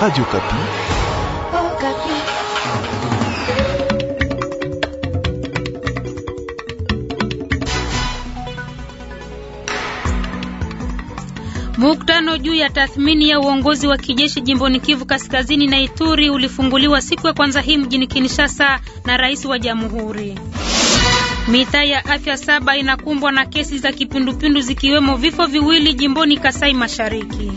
Radio Kapi. Oh, Mkutano juu ya tathmini ya uongozi wa kijeshi jimboni Kivu Kaskazini na Ituri ulifunguliwa siku ya kwanza hii mjini Kinshasa na Rais wa Jamhuri. Mitaa ya afya saba inakumbwa na kesi za kipindupindu zikiwemo vifo viwili jimboni Kasai Mashariki.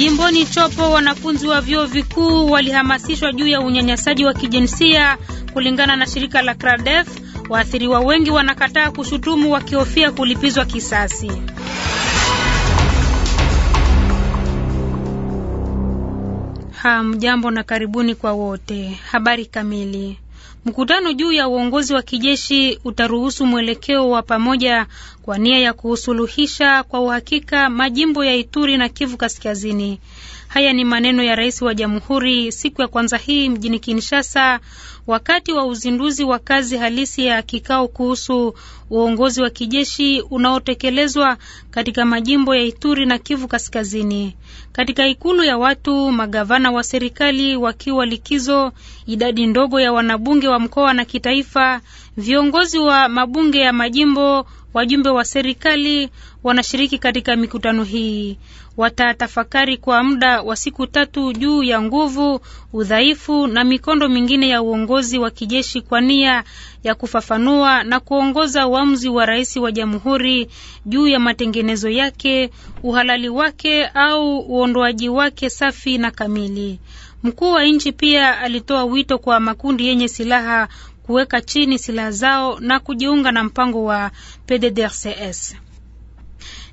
Jimboni Chopo wanafunzi wa vyuo vikuu walihamasishwa juu ya unyanyasaji wa kijinsia kulingana na shirika la Cradef. Waathiriwa wengi wanakataa kushutumu wakihofia kulipizwa kisasi. Hamjambo na karibuni kwa wote. Habari kamili. Mkutano juu ya uongozi wa kijeshi utaruhusu mwelekeo wa pamoja kwa nia ya kuusuluhisha kwa uhakika majimbo ya Ituri na Kivu Kaskazini. Haya ni maneno ya rais wa jamhuri siku ya kwanza hii mjini Kinshasa, wakati wa uzinduzi wa kazi halisi ya kikao kuhusu uongozi wa kijeshi unaotekelezwa katika majimbo ya Ituri na Kivu Kaskazini. Katika ikulu ya watu, magavana wa serikali wakiwa likizo, idadi ndogo ya wanabunge wa mkoa na kitaifa, viongozi wa mabunge ya majimbo wajumbe wa serikali wanashiriki katika mikutano hii. Watatafakari kwa muda wa siku tatu juu ya nguvu, udhaifu na mikondo mingine ya uongozi wa kijeshi kwa nia ya kufafanua na kuongoza uamuzi wa rais wa jamhuri juu ya matengenezo yake, uhalali wake au uondoaji wake safi na kamili. Mkuu wa nchi pia alitoa wito kwa makundi yenye silaha kuweka chini silaha zao na kujiunga na mpango wa PDDRCS.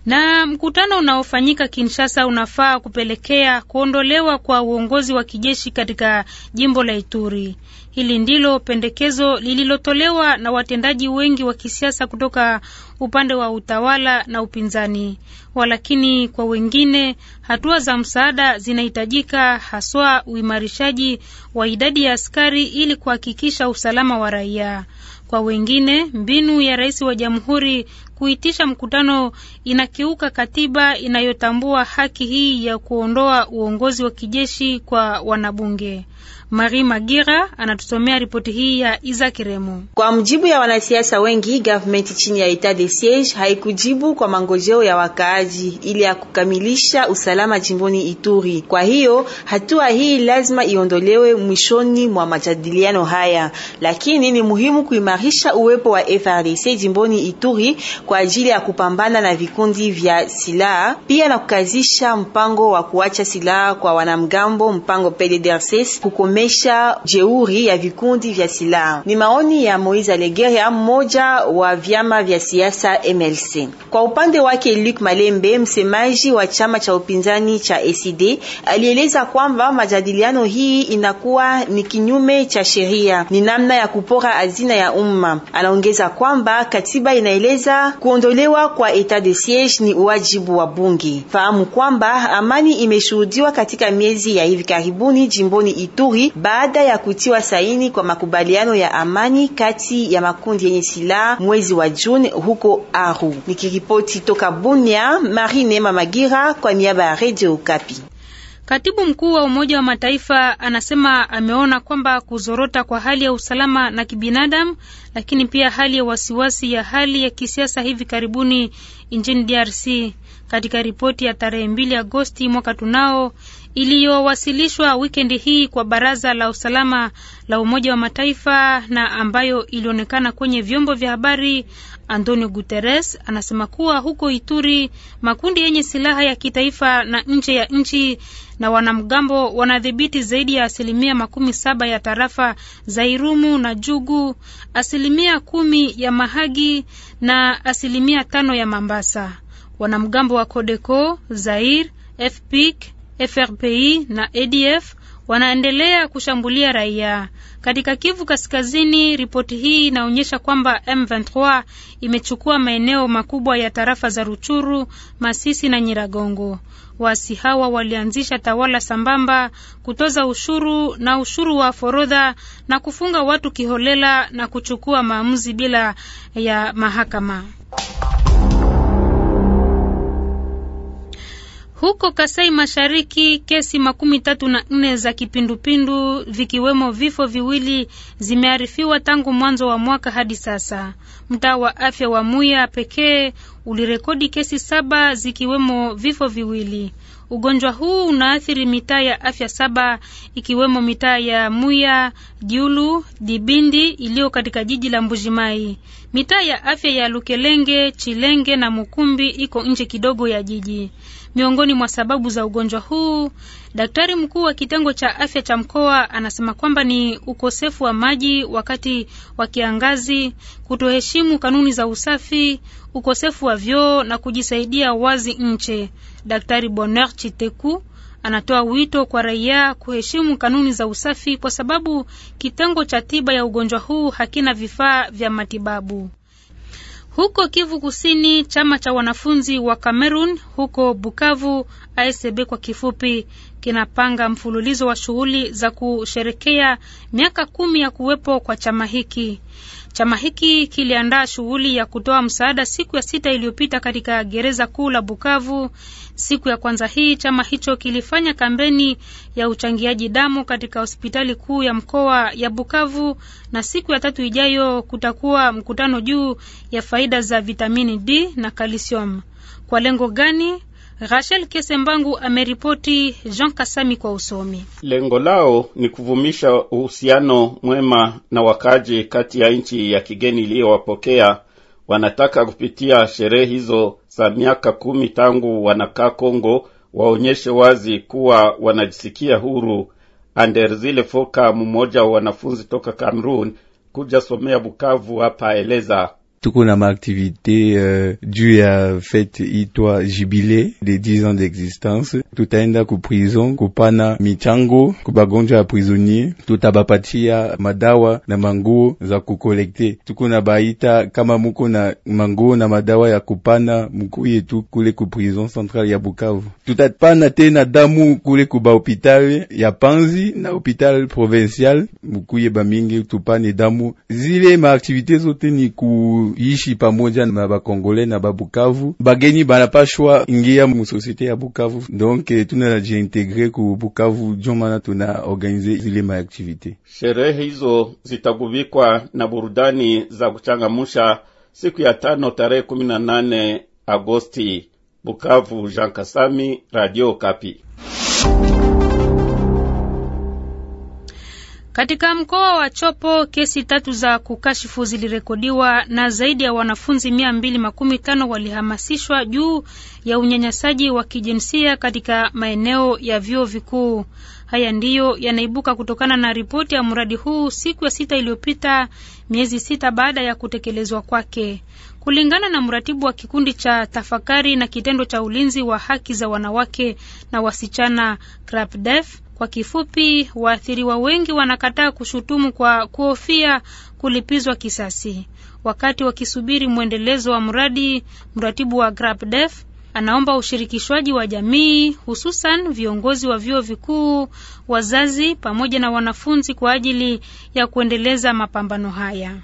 Na mkutano unaofanyika Kinshasa unafaa kupelekea kuondolewa kwa uongozi wa kijeshi katika jimbo la Ituri. Hili ndilo pendekezo lililotolewa na watendaji wengi wa kisiasa kutoka upande wa utawala na upinzani. Walakini kwa wengine, hatua za msaada zinahitajika, haswa uimarishaji wa idadi ya askari ili kuhakikisha usalama wa raia. Kwa wengine, mbinu ya rais wa jamhuri kuitisha mkutano inakiuka katiba inayotambua haki hii ya kuondoa uongozi wa kijeshi kwa wanabunge. Mari Magira anatusomea ripoti hii ya Iza Remo. Kwa mjibu ya wanasiasa wengi, gavumenti chini ya etat de siege haikujibu kwa mangojeo ya wakaaji ili ya kukamilisha usalama jimboni Ituri. Kwa hiyo hatua hii lazima iondolewe mwishoni mwa majadiliano haya, lakini ni muhimu kuimarisha uwepo wa FRDC jimboni Ituri kwa ajili ya kupambana na vikundi vya silaha, pia na kukazisha mpango wa kuacha silaha kwa wanamgambo, mpango PDDRCS kukomesha jeuri ya vikundi vya silaha. Ni maoni ya Moise Alegeria, mmoja wa vyama vya siasa MLC. Kwa upande wake, Luc Malembe, msemaji wa chama cha upinzani cha ACD, alieleza kwamba majadiliano hii inakuwa ni kinyume cha sheria, ni namna ya kupora hazina ya umma. Anaongeza kwamba katiba inaeleza kuondolewa kwa etat de siege ni wajibu wa bunge. Fahamu kwamba amani imeshuhudiwa katika miezi ya hivi karibuni jimboni Ituri baada ya kutiwa saini kwa makubaliano ya amani kati ya makundi yenye silaha mwezi wa Juni huko Aru. Nikiripoti toka Bunia, Marine Mamagira Magira kwa niaba ya Radio Okapi. Katibu mkuu wa Umoja wa Mataifa anasema ameona kwamba kuzorota kwa hali ya usalama na kibinadamu, lakini pia hali ya wasiwasi ya hali ya kisiasa hivi karibuni nchini DRC katika ripoti ya tarehe mbili Agosti mwaka tunao iliyowasilishwa wikendi hii kwa Baraza la Usalama la Umoja wa Mataifa na ambayo ilionekana kwenye vyombo vya habari, Antonio Guterres anasema kuwa huko Ituri makundi yenye silaha ya kitaifa na nje ya nchi na wanamgambo wanadhibiti zaidi ya asilimia makumi saba ya tarafa za Irumu na Jugu, asilimia kumi ya Mahagi na asilimia tano ya Mambasa. Wanamgambo wa Codeco, Zair, FPIC, FRPI na ADF wanaendelea kushambulia raia katika Kivu Kaskazini. Ripoti hii inaonyesha kwamba M23 imechukua maeneo makubwa ya tarafa za Ruchuru, Masisi na Nyiragongo. Waasi hawa walianzisha tawala sambamba, kutoza ushuru na ushuru wa forodha na kufunga watu kiholela na kuchukua maamuzi bila ya mahakama. Huko Kasai Mashariki, kesi makumi tatu na nne za kipindupindu vikiwemo vifo viwili zimearifiwa tangu mwanzo wa mwaka hadi sasa. Mtaa wa afya wa Muya pekee ulirekodi kesi saba zikiwemo vifo viwili. Ugonjwa huu unaathiri mitaa ya afya saba ikiwemo mitaa ya Muya, Diulu, Dibindi iliyo katika jiji la Mbujimai. Mitaa ya afya ya Lukelenge, Chilenge na Mukumbi iko nje kidogo ya jiji. Miongoni mwa sababu za ugonjwa huu, daktari mkuu wa kitengo cha afya cha mkoa anasema kwamba ni ukosefu wa maji wakati wa kiangazi, kutoheshimu kanuni za usafi, ukosefu wa vyoo na kujisaidia wazi nje. Daktari Bonheur Chiteku Anatoa wito kwa raia kuheshimu kanuni za usafi kwa sababu kitengo cha tiba ya ugonjwa huu hakina vifaa vya matibabu. Huko Kivu Kusini, chama cha wanafunzi wa Cameroon huko Bukavu, ASB kwa kifupi, kinapanga mfululizo wa shughuli za kusherekea miaka kumi ya kuwepo kwa chama hiki. Chama hiki kiliandaa shughuli ya kutoa msaada siku ya sita iliyopita katika gereza kuu la Bukavu Siku ya kwanza hii chama hicho kilifanya kampeni ya uchangiaji damu katika hospitali kuu ya mkoa ya Bukavu, na siku ya tatu ijayo kutakuwa mkutano juu ya faida za vitamini D na kalsiamu. Kwa lengo gani? Rachel Kesembangu ameripoti, Jean Kasami kwa usomi. Lengo lao ni kuvumisha uhusiano mwema na wakaji kati ya nchi ya kigeni iliyowapokea wanataka kupitia sherehe hizo za miaka kumi tangu wanakaa Kongo waonyeshe wazi kuwa wanajisikia huru. Anderzile Foka, mmoja wa wanafunzi toka Cameroon kuja somea Bukavu hapa, eleza tuko na maaktivite uh, juu ya fete itwa jibile de 10 ans d'existence. Tutaenda ku prison kupana michango kubagonjwa ya prisonnier tutabapatia madawa na manguo za kukolekte. Tuko na baita kama muko na manguo na madawa ya kupana mukuye tu kule ku prison centrale ya Bukavu. Tutapana tena damu kule ku bahopitali ya Panzi na hopital provincial, mukuye bamingi tupane damu. Zile maaktivite zote ni ku yishi pamoja na bakongole na babukavu. Bagenyi banapashwa ingia mu sosiete ya Bukavu, donc tunajiintegre ku Bukavu, jomana maana tuna organize zile maaktivite. Sherehe hizo zitagubikwa na burudani za kuchangamusha siku ya tano tarehe kumi na nane Agosti. Bukavu, Jean Kasami, Radio Kapi. Katika mkoa wa Chopo kesi tatu za kukashifu zilirekodiwa na zaidi ya wanafunzi mia mbili makumi tano walihamasishwa juu ya unyanyasaji wa kijinsia katika maeneo ya vyuo vikuu. Haya ndiyo yanaibuka kutokana na ripoti ya mradi huu siku ya sita iliyopita, miezi sita baada ya kutekelezwa kwake. Kulingana na mratibu wa kikundi cha tafakari na kitendo cha ulinzi wa haki za wanawake na wasichana CRAPDEF, kwa kifupi, waathiriwa wengi wanakataa kushutumu kwa kuhofia kulipizwa kisasi. Wakati wakisubiri mwendelezo wa mradi, mratibu wa GrabDef anaomba ushirikishwaji wa jamii, hususan viongozi wa vyuo vikuu, wazazi pamoja na wanafunzi kwa ajili ya kuendeleza mapambano haya.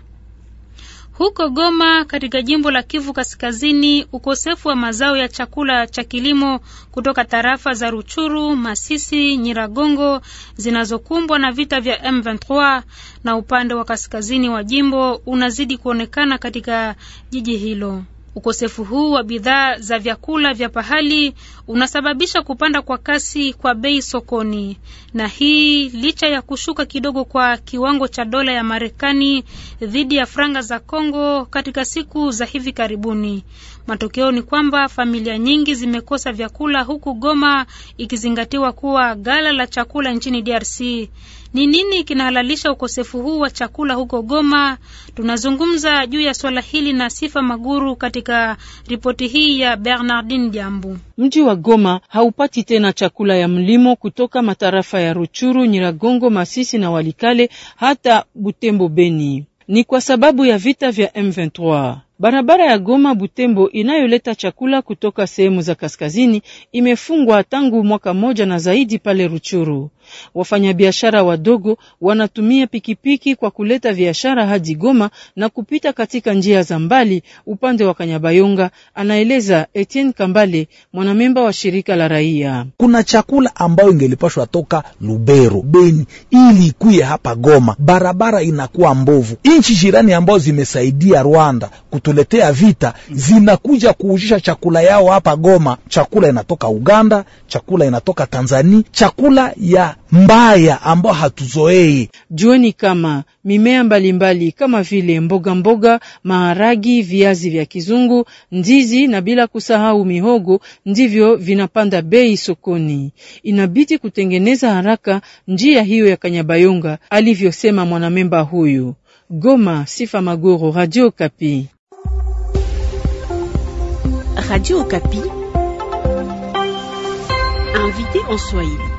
Huko Goma katika jimbo la Kivu Kaskazini, ukosefu wa mazao ya chakula cha kilimo kutoka tarafa za Ruchuru, Masisi, Nyiragongo zinazokumbwa na vita vya M23 na upande wa kaskazini wa jimbo unazidi kuonekana katika jiji hilo. Ukosefu huu wa bidhaa za vyakula vya pahali unasababisha kupanda kwa kasi kwa bei sokoni, na hii licha ya kushuka kidogo kwa kiwango cha dola ya Marekani dhidi ya franga za Kongo katika siku za hivi karibuni. Matokeo ni kwamba familia nyingi zimekosa vyakula, huku Goma ikizingatiwa kuwa ghala la chakula nchini DRC. Ni nini kinahalalisha ukosefu huu wa chakula huko Goma? Tunazungumza juu ya swala hili na Sifa Maguru katika ripoti hii ya Bernardin Jambu. Mji wa Goma haupati tena chakula ya mlimo kutoka matarafa ya Ruchuru, Nyiragongo, Masisi na Walikale hata Butembo Beni. Ni kwa sababu ya vita vya M23. Barabara ya Goma Butembo inayoleta chakula kutoka sehemu za kaskazini imefungwa tangu mwaka mmoja na zaidi pale Ruchuru. Wafanyabiashara wadogo wanatumia pikipiki kwa kuleta biashara hadi Goma na kupita katika njia za mbali upande wa Kanyabayonga, anaeleza Etienne Kambale, mwanamemba wa shirika la raia. Kuna chakula ambayo ingelipashwa toka Lubero, Beni ili ikuye hapa Goma, barabara inakuwa mbovu. Nchi jirani ambazo zimesaidia Rwanda kutu kutuletea vita zinakuja kuujisha chakula yao hapa Goma. Chakula inatoka Uganda, chakula inatoka Tanzania, chakula ya mbaya ambayo hatuzoei. Jueni kama mimea mbalimbali mbali, kama vile mboga mboga, maharagi, viazi vya kizungu, ndizi na bila kusahau mihogo ndivyo vinapanda bei sokoni. Inabidi kutengeneza haraka njia hiyo ya Kanyabayonga, alivyosema mwanamemba huyu. Goma, Sifa Magoro, Radio Kapi. Radio Okapi. Invité en Swahili.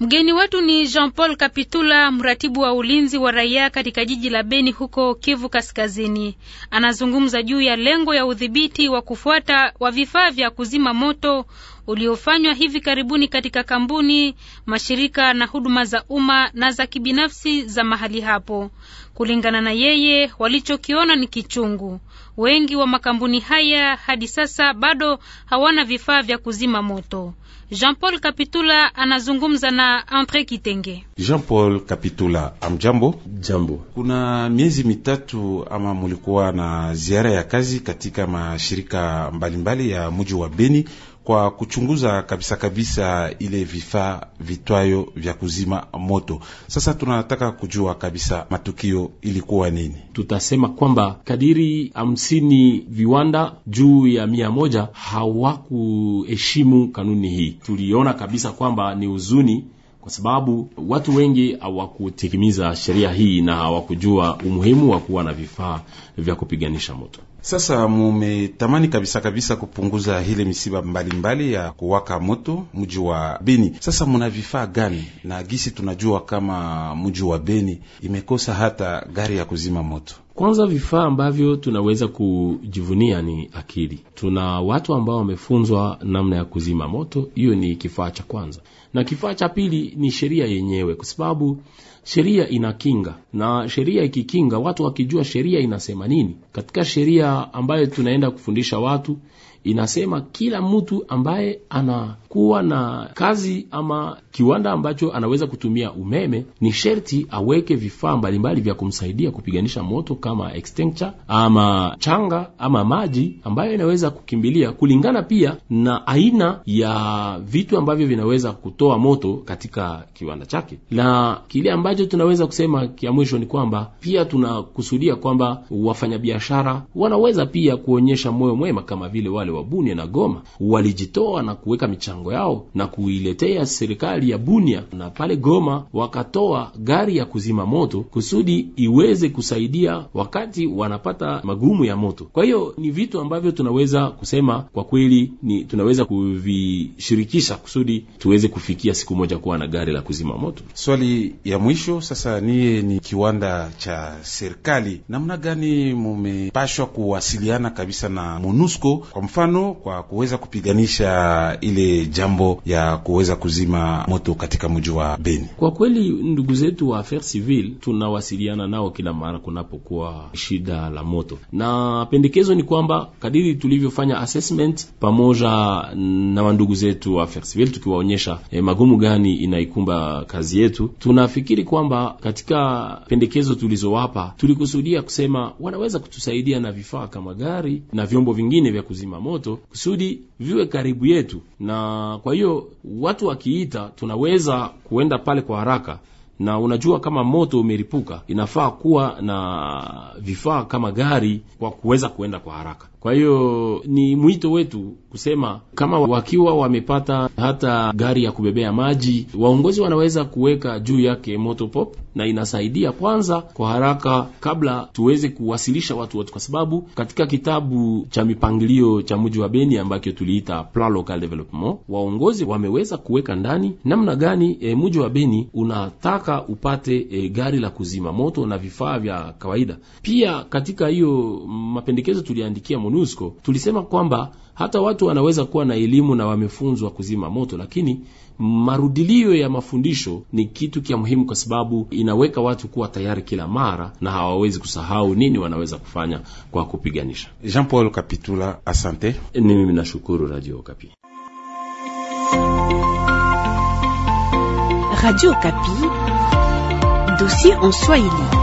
Mgeni wetu ni Jean-Paul Kapitula, mratibu wa ulinzi wa raia katika jiji la Beni huko Kivu Kaskazini. Anazungumza juu ya lengo ya udhibiti wa kufuata wa vifaa vya kuzima moto uliofanywa hivi karibuni katika kampuni, mashirika na huduma za umma na za kibinafsi za mahali hapo. Kulingana na yeye, walichokiona ni kichungu. Wengi wa makampuni haya hadi sasa bado hawana vifaa vya kuzima moto. Jean-Paul Kapitula anazungumza na Andre Kitenge. Jean-Paul Kapitula, amjambo. Jambo. Kuna miezi mitatu ama mulikuwa na ziara ya kazi katika mashirika mbalimbali mbali ya muji wa Beni kwa kuchunguza kabisa kabisa ile vifaa vitwayo vya kuzima moto. Sasa tunataka kujua kabisa matukio ilikuwa nini. Tutasema kwamba kadiri hamsini viwanda juu ya mia moja hawakuheshimu kanuni hii. Tuliona kabisa kwamba ni huzuni kwa sababu watu wengi hawakutekimiza sheria hii na hawakujua umuhimu wa kuwa na vifaa vya kupiganisha moto. Sasa mumetamani kabisa kabisa kupunguza hile misiba mbalimbali mbali ya kuwaka moto mji wa Beni. Sasa muna vifaa gani? Na gisi tunajua kama mji wa Beni imekosa hata gari ya kuzima moto. Kwanza, vifaa ambavyo tunaweza kujivunia ni akili. Tuna watu ambao wamefunzwa namna ya kuzima moto, hiyo ni kifaa cha kwanza, na kifaa cha pili ni sheria yenyewe, kwa sababu sheria inakinga, na sheria ikikinga, watu wakijua sheria inasema nini, katika sheria ambayo tunaenda kufundisha watu inasema kila mtu ambaye anakuwa na kazi ama kiwanda ambacho anaweza kutumia umeme ni sherti aweke vifaa mbalimbali vya kumsaidia kupiganisha moto kama extinguisher ama changa ama maji ambayo inaweza kukimbilia, kulingana pia na aina ya vitu ambavyo vinaweza kutoa moto katika kiwanda chake. Na kile ambacho tunaweza kusema kia mwisho ni kwamba pia tunakusudia kwamba wafanyabiashara wanaweza pia kuonyesha moyo mwema kama vile wale wale wa Bunia na Goma walijitoa na kuweka michango yao na kuiletea serikali ya Bunia na pale Goma wakatoa gari ya kuzima moto kusudi iweze kusaidia wakati wanapata magumu ya moto. Kwa hiyo ni vitu ambavyo tunaweza kusema kwa kweli ni tunaweza kuvishirikisha kusudi tuweze kufikia siku moja kuwa na gari la kuzima moto. Swali ya mwisho sasa, niye ni kiwanda cha serikali, namna gani mumepashwa kuwasiliana kabisa na MONUSCO kwa mfano mfano kwa kuweza kupiganisha ile jambo ya kuweza kuzima moto katika mji wa Beni. Kwa kweli, ndugu zetu wa affaire civile tunawasiliana nao kila mara kunapokuwa shida la moto, na pendekezo ni kwamba kadiri tulivyofanya assessment pamoja na wandugu zetu wa affaire civile, tukiwaonyesha eh, magumu gani inaikumba kazi yetu, tunafikiri kwamba katika pendekezo tulizowapa tulikusudia kusema wanaweza kutusaidia na vifaa kama gari na vyombo vingine vya kuzima moto moto kusudi viwe karibu yetu, na kwa hiyo watu wakiita, tunaweza kuenda pale kwa haraka na unajua kama moto umeripuka, inafaa kuwa na vifaa kama gari kwa kuweza kuenda kwa haraka. Kwa hiyo ni mwito wetu kusema kama wakiwa wamepata hata gari ya kubebea maji, waongozi wanaweza kuweka juu yake motopop, na inasaidia kwanza kwa haraka, kabla tuweze kuwasilisha watu wote, kwa sababu katika kitabu cha mipangilio cha mji wa Beni ambacho tuliita Plan Local Development, waongozi wameweza kuweka ndani namna gani e, mji wa Beni unataka upate e, gari la kuzima moto na vifaa vya kawaida. Pia katika hiyo mapendekezo tuliandikia MONUSCO tulisema kwamba hata watu wanaweza kuwa na elimu na wamefunzwa kuzima moto, lakini marudilio ya mafundisho ni kitu kia muhimu, kwa sababu inaweka watu kuwa tayari kila mara na hawawezi kusahau nini wanaweza kufanya kwa kupiganisha. Jean Paul Kapitula, asante. Ni eh, mimi nashukuru Radio Kapi. Radio Kapi, dossier en Swahili.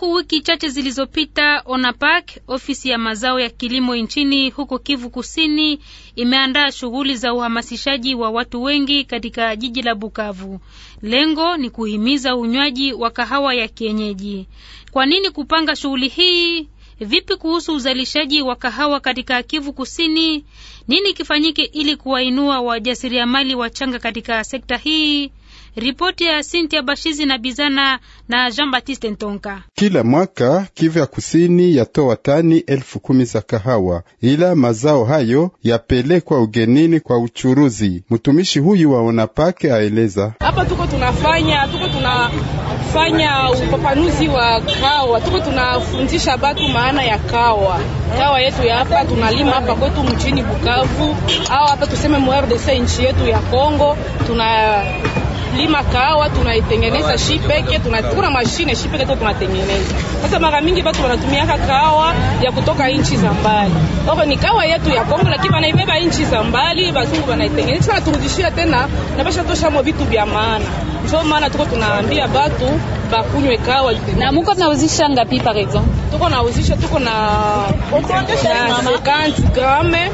Tangu wiki chache zilizopita, ONAPAK, ofisi ya mazao ya kilimo nchini huko Kivu Kusini, imeandaa shughuli za uhamasishaji wa watu wengi katika jiji la Bukavu. Lengo ni kuhimiza unywaji wa kahawa ya kienyeji. Kwa nini kupanga shughuli hii? Vipi kuhusu uzalishaji wa kahawa katika Kivu Kusini? Nini kifanyike ili kuwainua wajasiriamali wachanga katika sekta hii? Ripoti ya Cynthia Bashizi na Bizana na Jean Baptiste Ntonka. Kila mwaka Kivu ya Kusini yatoa tani elfu kumi za kahawa, ila mazao hayo yapelekwa ugenini kwa uchuruzi. Mtumishi huyu wa Onapake aeleza: hapa tuko tunafanya tuko tunafanya upapanuzi wa kawa, tuko tunafundisha batu maana ya kawa. Kawa yetu ya hapa tunalima hapa kwetu mchini Bukavu, au hapa tuseme MRDC, nchi yetu ya Kongo tuna kulima kahawa tunaitengeneza shi peke, tuna mashine shi peke tunatengeneza. Sasa mara mingi watu wanatumiaka kahawa ya kutoka nchi za mbali, ao ni kahawa yetu ya Kongo, lakini wanaibeba nchi za mbali, bazungu wanaitengeneza. Sasa turudishia tena na basha tosha mo vitu vya maana, ndio maana tuko tunaambia batu bakunywe kahawa. Na mko mnauzisha ngapi? Par exemple, tuko nauzisha tuko na 50 gramme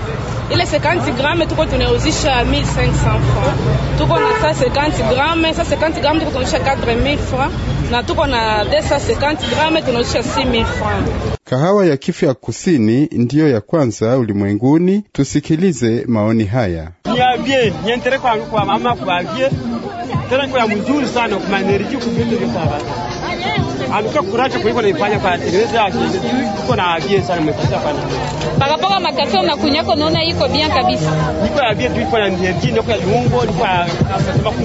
ile 50 gramme tuko tunauzisha 1500 francs, tuko na sa 50 gramme, sa 50 gramme tuko tunauzisha 4000 francs na tuko na 250 gramme tunauzisha 6000 francs. Kahawa ya Kivu ya Kusini ndiyo ya kwanza ulimwenguni. Tusikilize maoni haya. Niambie niendelee kwa mama kwa vie. tena kwa mzuri sana kwa energy kupita kwa sababu amekuwa kwa hivyo naifanya kwa tengeneza yake iko na abie sana mmefuta pana parapora makafe na kunyako naona iko bien kabisa Niko ya bien tu iko na ndiye ndio kwa viungo ni kwa sababu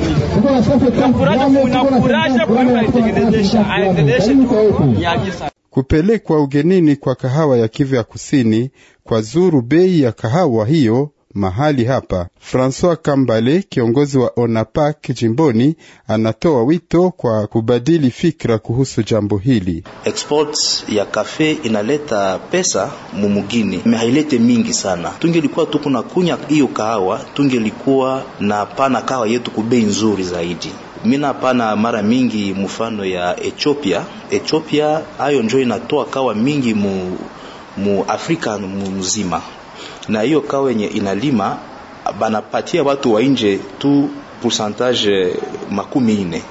kuna kuracha kuna kuracha kwa hivyo naitengenezesha aendeleshe tu ya abie sana kupelekwa ugenini kwa kahawa ya Kivu ya Kusini kwa zuru bei ya kahawa hiyo mahali hapa. Francois Kambale, kiongozi wa ONAPAK jimboni, anatoa wito kwa kubadili fikra kuhusu jambo hili. Export ya kafe inaleta pesa mumugini, mehailete mingi sana. Tungelikuwa tuku na kunya hiyo kahawa, tungelikuwa na pana kahawa yetu kubei nzuri zaidi. Mina pana mara mingi mfano ya Ethiopia. Ethiopia hayo njo inatoa kawa mingi mu, mu Afrika mzima na hiyo kawa yenye inalima banapatia watu wa nje tu pourcentage makumi ine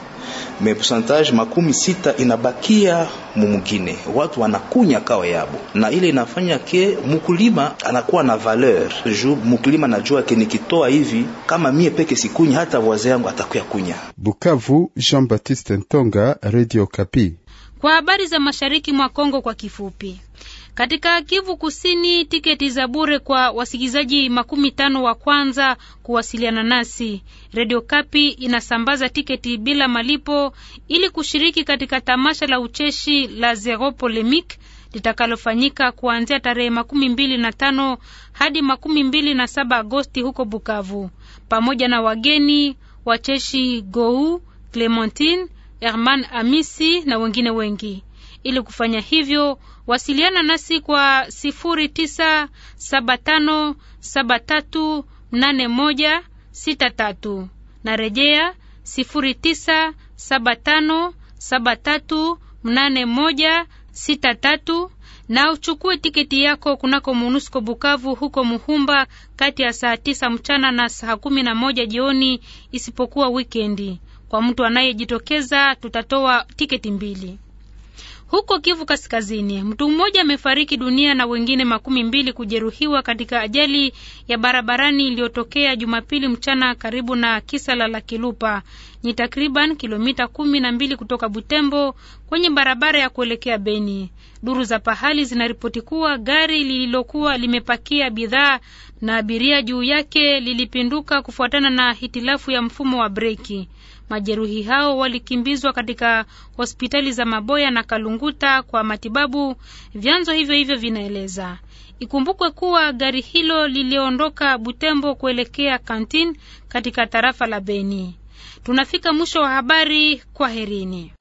me pourcentage makumi sita inabakia mumugine, watu wanakunya kawa yabo, na ile inafanya ke mukulima anakuwa na valeur ju mukulima anajua ke nikitoa hivi kama mie peke sikunya, hata wazee yangu atakuya kunya. Bukavu, Jean Baptiste Ntonga, Radio Kapi. Kwa habari za mashariki mwa Kongo kwa kifupi. Katika Kivu Kusini, tiketi za bure kwa wasikilizaji makumi tano wa kwanza kuwasiliana nasi. redio Kapi inasambaza tiketi bila malipo ili kushiriki katika tamasha la ucheshi la Zero Polemique litakalofanyika kuanzia tarehe makumi mbili na tano hadi makumi mbili na saba Agosti huko Bukavu, pamoja na wageni wacheshi Gou, Clementine, Herman Amisi na wengine wengi. Ili kufanya hivyo, wasiliana nasi kwa 0975738163. rejea 0975738163 na uchukue tiketi yako kunako MONUSCO Bukavu huko Muhumba kati ya saa tisa mchana na saa kumi na moja jioni isipokuwa wikendi. Kwa mtu anayejitokeza tutatoa tiketi mbili. Huko Kivu Kaskazini, mtu mmoja amefariki dunia na wengine makumi mbili kujeruhiwa katika ajali ya barabarani iliyotokea Jumapili mchana karibu na Kisala la Kilupa, ni takriban kilomita kumi na mbili kutoka Butembo kwenye barabara ya kuelekea Beni. Duru za pahali zinaripoti kuwa gari lililokuwa limepakia bidhaa na abiria juu yake lilipinduka kufuatana na hitilafu ya mfumo wa breki. Majeruhi hao walikimbizwa katika hospitali za Maboya na Kalunguta kwa matibabu, vyanzo hivyo hivyo vinaeleza. Ikumbukwe kuwa gari hilo liliondoka Butembo kuelekea Kantin katika tarafa la Beni. Tunafika mwisho wa habari. Kwaherini.